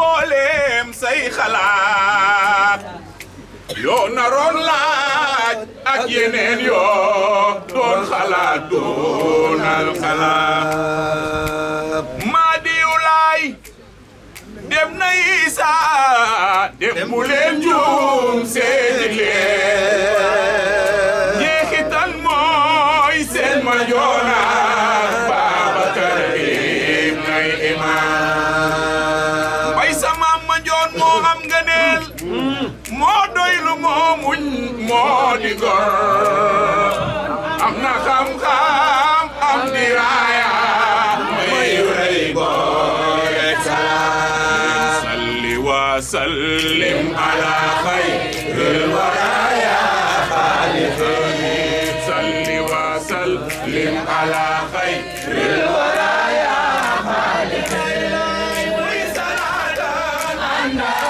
mbooleem say xalaat yoo naroon laaj ak yeneen yoo doon xalaat doonal xalaat maa diw laay dem na Isa dem bu leen juum seeni leen jeexital mooy seen ma joona xel moo doy lu moo muñ moo di gor am na xam-xam am di raaya may rey gor ek salaam salli wa sallim ala xayril waraaya xaalixani salli wa sallim ala xayril waraaya xaalixani muy salaatan àndaa